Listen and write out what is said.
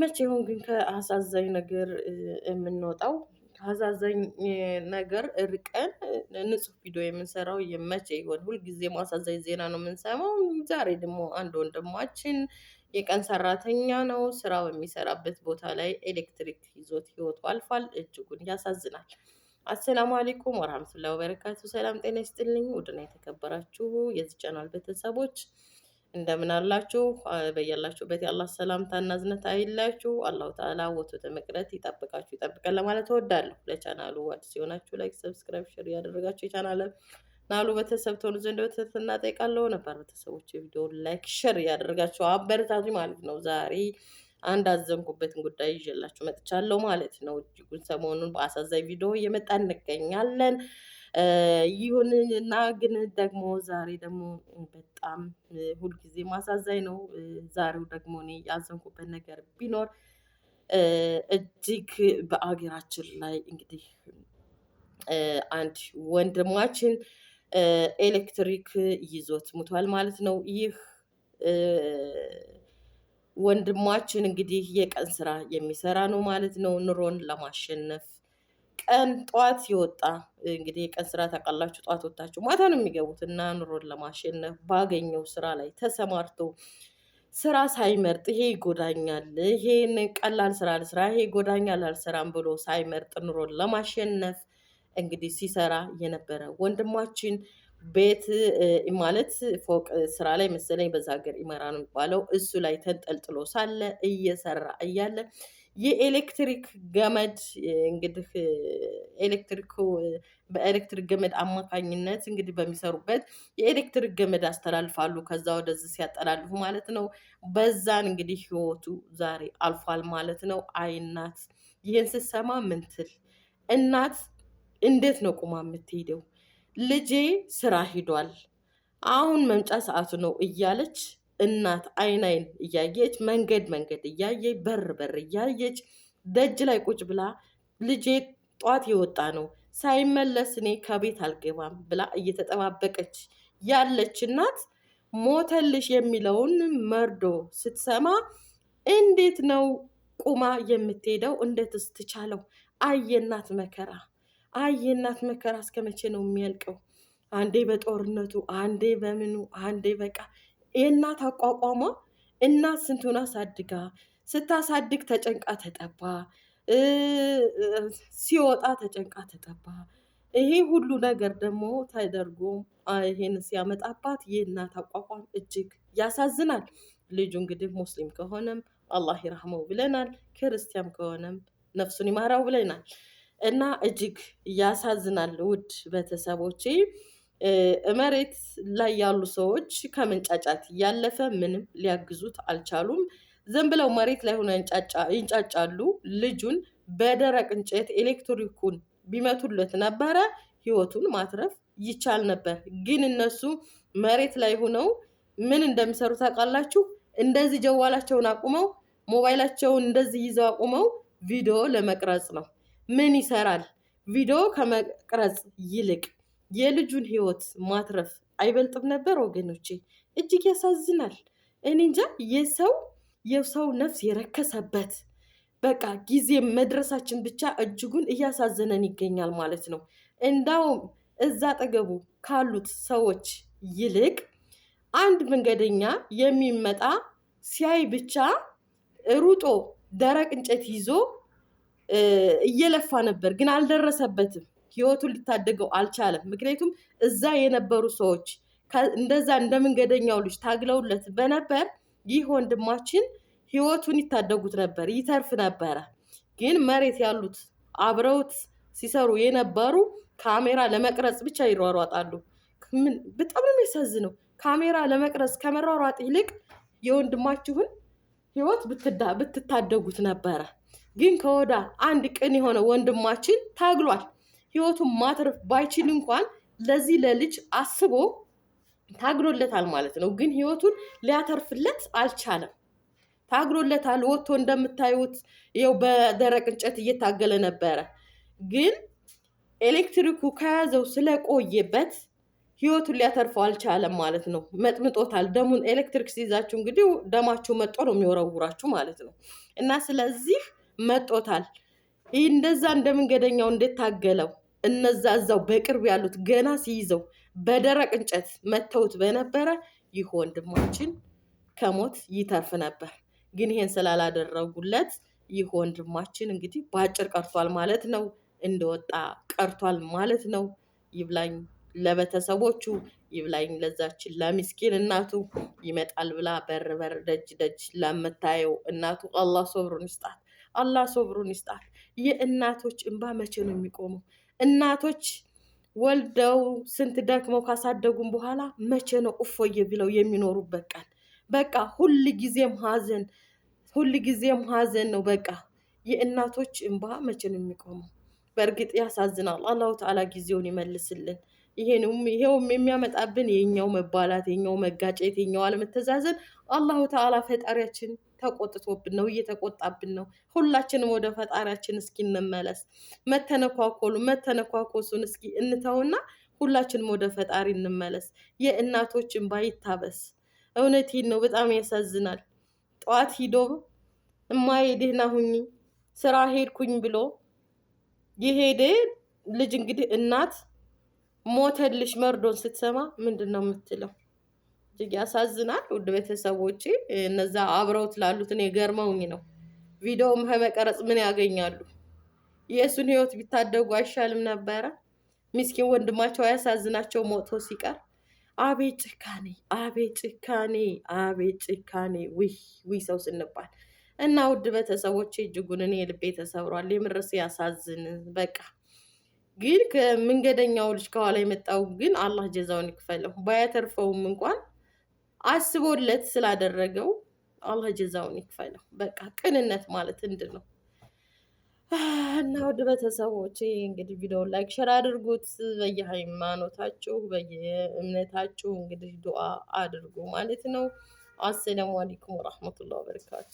መቼውም ግን ከአሳዛኝ ነገር የምንወጣው ከአሳዛኝ ነገር እርቀን ንጹህ ቪዲዮ የምንሰራው የመቼ ይሆን? ሁልጊዜ ማሳዛኝ ዜና ነው የምንሰማው። ዛሬ ደግሞ አንድ ወንድማችን የቀን ሰራተኛ ነው፣ ስራ በሚሰራበት ቦታ ላይ ኤሌክትሪክ ይዞት ህይወቱ አልፏል። እጅጉን ያሳዝናል። አሰላሙ አሌይኩም ወራህመቱላሂ ወበረካቱ። ሰላም ጤና ይስጥልኝ። ውድና የተከበራችሁ የዚህ ቻናል ቤተሰቦች እንደምን አላችሁ? በያላችሁበት የአላህ ሰላምታ እና እዝነት አይለያችሁ። አላሁ ተዓላ ወቶተ መቅረት ይጠብቃችሁ ይጠብቀን ለማለት እወዳለሁ። ለቻናሉ አዲስ ሲሆናችሁ ላይክ፣ ሰብስክራይብ፣ ሼር ያደረጋችሁ የቻናለ ናሉ ቤተሰብ ትሆኑ ዘንድ በትህትና እጠይቃለሁ። ነባር ቤተሰቦች ቪዲዮ ላይክ፣ ሼር ያደረጋችሁ አበረታቱ ማለት ነው። ዛሬ አንድ አዘንኩበትን ጉዳይ ይዤላችሁ መጥቻለሁ ማለት ነው። እጅጉን ሰሞኑን በአሳዛኝ ቪዲዮ እየመጣ እንገኛለን። ይሁን እና ግን ደግሞ ዛሬ ደግሞ በጣም ሁልጊዜ ማሳዛኝ ነው። ዛሬው ደግሞ እኔ ያዘንኩበት ነገር ቢኖር እጅግ በአገራችን ላይ እንግዲህ አንድ ወንድማችን ኤሌክትሪክ ይዞት ሙቷል ማለት ነው። ይህ ወንድማችን እንግዲህ የቀን ስራ የሚሰራ ነው ማለት ነው። ኑሮን ለማሸነፍ ቀን ጠዋት ሲወጣ እንግዲህ የቀን ስራ ታውቃላችሁ፣ ጠዋት ወጥታችሁ ማታ ነው የሚገቡት እና ኑሮን ለማሸነፍ ባገኘው ስራ ላይ ተሰማርቶ ስራ ሳይመርጥ ይሄ ይጎዳኛል፣ ይሄን ቀላል ስራ ልስራ፣ ይሄ ይጎዳኛል አልሰራም ብሎ ሳይመርጥ ኑሮን ለማሸነፍ እንግዲህ ሲሰራ የነበረ ወንድማችን ቤት ማለት ፎቅ ስራ ላይ መሰለኝ በዛ ሀገር ኢመራ ነው የሚባለው እሱ ላይ ተንጠልጥሎ ሳለ እየሰራ እያለ የኤሌክትሪክ ገመድ እንግዲህ ኤሌክትሪክ በኤሌክትሪክ ገመድ አማካኝነት እንግዲህ በሚሰሩበት የኤሌክትሪክ ገመድ ያስተላልፋሉ። ከዛ ወደዚህ ሲያጠላልፉ ማለት ነው። በዛን እንግዲህ ህይወቱ ዛሬ አልፏል ማለት ነው። አይ እናት ይህን ስሰማ ምንትል እናት እንዴት ነው ቁማ የምትሄደው? ልጄ ስራ ሂዷል፣ አሁን መምጫ ሰዓቱ ነው እያለች እናት አይን አይን እያየች መንገድ መንገድ እያየች በር በር እያየች ደጅ ላይ ቁጭ ብላ ልጄ ጧት የወጣ ነው ሳይመለስ እኔ ከቤት አልገባም ብላ እየተጠባበቀች ያለች እናት ሞተልሽ የሚለውን መርዶ ስትሰማ እንዴት ነው ቁማ የምትሄደው? እንደትስ ትቻለው? አየናት መከራ አየናት መከራ እስከ መቼ ነው የሚያልቀው? አንዴ በጦርነቱ አንዴ በምኑ አንዴ በቃ የእናት አቋቋሟ እናት ስንቱን አሳድጋ ስታሳድግ ተጨንቃ ተጠባ፣ ሲወጣ ተጨንቃ ተጠባ። ይሄ ሁሉ ነገር ደግሞ ተደርጎ ይሄን ሲያመጣባት የእናት አቋቋም እጅግ ያሳዝናል። ልጁ እንግዲህ ሙስሊም ከሆነም አላህ ይራህመው ብለናል፣ ክርስቲያን ከሆነም ነፍሱን ይማራው ብለናል እና እጅግ ያሳዝናል። ውድ ቤተሰቦቼ መሬት ላይ ያሉ ሰዎች ከመንጫጫት ያለፈ ምንም ሊያግዙት አልቻሉም። ዘን ብለው መሬት ላይ ሆነ ይንጫጫሉ። ልጁን በደረቅ እንጨት ኤሌክትሪኩን ቢመቱለት ነበረ ህይወቱን ማትረፍ ይቻል ነበር። ግን እነሱ መሬት ላይ ሆነው ምን እንደሚሰሩ ታውቃላችሁ? እንደዚህ ጀዋላቸውን አቁመው ሞባይላቸውን እንደዚህ ይዘው አቁመው ቪዲዮ ለመቅረጽ ነው። ምን ይሰራል ቪዲዮ ከመቅረጽ ይልቅ የልጁን ህይወት ማትረፍ አይበልጥም ነበር ወገኖቼ? እጅግ ያሳዝናል። እኔ እንጃ የሰው የሰው ነፍስ የረከሰበት በቃ ጊዜ መድረሳችን ብቻ እጅጉን እያሳዘነን ይገኛል ማለት ነው። እንዳውም እዛ አጠገቡ ካሉት ሰዎች ይልቅ አንድ መንገደኛ የሚመጣ ሲያይ ብቻ ሩጦ ደረቅ እንጨት ይዞ እየለፋ ነበር፣ ግን አልደረሰበትም። ህይወቱን ሊታደገው አልቻለም። ምክንያቱም እዛ የነበሩ ሰዎች እንደዛ እንደ መንገደኛው ልጅ ታግለውለት በነበር ይህ ወንድማችን ህይወቱን ይታደጉት ነበር፣ ይተርፍ ነበረ። ግን መሬት ያሉት አብረውት ሲሰሩ የነበሩ ካሜራ ለመቅረጽ ብቻ ይሯሯጣሉ። ምን በጣም ነው የሚያሳዝነው። ካሜራ ለመቅረጽ ከመሯሯጥ ይልቅ የወንድማችሁን ህይወት ብትታደጉት ነበረ። ግን ከወዳ አንድ ቅን የሆነ ወንድማችን ታግሏል። ህይወቱን ማትረፍ ባይችል እንኳን ለዚህ ለልጅ አስቦ ታግሎለታል ማለት ነው። ግን ህይወቱን ሊያተርፍለት አልቻለም። ታግሮለታል። ወጥቶ እንደምታዩት ይኸው በደረቅ እንጨት እየታገለ ነበረ። ግን ኤሌክትሪኩ ከያዘው ስለቆየበት ህይወቱን ሊያተርፈው አልቻለም ማለት ነው። መጥምጦታል። ደሙን ኤሌክትሪክ ሲይዛችሁ እንግዲህ ደማችሁ መጦ ነው የሚወረውራችሁ ማለት ነው። እና ስለዚህ መጦታል። ይህ እንደዛ እንደ መንገደኛው እንደታገለው እነዛ እዛው በቅርብ ያሉት ገና ሲይዘው በደረቅ እንጨት መተውት በነበረ ይህ ወንድማችን ከሞት ይተርፍ ነበር። ግን ይሄን ስላላደረጉለት ይህ ወንድማችን እንግዲህ በአጭር ቀርቷል ማለት ነው፣ እንደወጣ ቀርቷል ማለት ነው። ይብላኝ ለቤተሰቦቹ፣ ይብላኝ ለዛችን ለሚስኪን እናቱ ይመጣል ብላ በር በር ደጅ ደጅ ለምታየው እናቱ አላህ ሶብሩን ይስጣት፣ አላህ ሶብሩን ይስጣት። የእናቶች እንባ መቼ ነው የሚቆመው? እናቶች ወልደው ስንት ደክመው ካሳደጉም በኋላ መቼ ነው እፎዬ ብለው የሚኖሩበት ቀን? በቃ ሁል ጊዜም ሀዘን ሁል ጊዜም ሀዘን ነው። በቃ የእናቶች እንባ መቼ ነው የሚቆመው? በእርግጥ ያሳዝናል። አላሁ ተዓላ ጊዜውን ይመልስልን። ይሄንም ይሄውም የሚያመጣብን የኛው መባላት፣ የኛው መጋጨት፣ የኛው አለመተዛዘን አላሁ ተዓላ ፈጣሪያችን ተቆጥቶብን ነው፣ እየተቆጣብን ነው። ሁላችንም ወደ ፈጣሪያችን እስኪ እንመለስ። መተነኳኮሉ መተነኳኮሱን እስኪ እንተውና ሁላችንም ወደ ፈጣሪ እንመለስ። የእናቶችን ባይታበስ እውነት እውነቴን ነው፣ በጣም ያሳዝናል። ጠዋት ሂዶ እማዬ ደህና ሁኚ ስራ ሄድኩኝ ብሎ የሄደ ልጅ እንግዲህ እናት ሞተልሽ መርዶን ስትሰማ ምንድን ነው የምትለው? እጅግ ያሳዝናል። ውድ ቤተሰቦቼ እነዛ አብረውት ላሉት እኔ ገርመውኝ ነው። ቪዲዮም ከመቀረጽ ምን ያገኛሉ? የእሱን ህይወት ቢታደጉ አይሻልም ነበረ? ሚስኪን ወንድማቸው ያሳዝናቸው ሞቶ ሲቀር አቤት ጭካኔ፣ አቤት ጭካኔ፣ አቤት ጭካኔ። ውይ ውይ ሰው ስንባል እና ውድ ቤተሰቦቼ እጅጉን እኔ ልቤ ተሰብሯል። የምርስ ያሳዝን። በቃ ግን ከመንገደኛው ልጅ ከኋላ የመጣው ግን አላህ ጀዛውን ይክፈለው ባያተርፈውም እንኳን አስቦለት ስላደረገው አላህ ጀዛውን ይክፈለው። በቃ ቅንነት ማለት እንድን ነው። እና ውድ ቤተሰቦች እንግዲህ ቪዲዮ ላይክ ሸር አድርጉት። በየሃይማኖታችሁ በየእምነታችሁ እንግዲህ ዱዓ አድርጉ ማለት ነው። አሰላሙ አለይኩም ወራህመቱላሂ ወበረካቱ።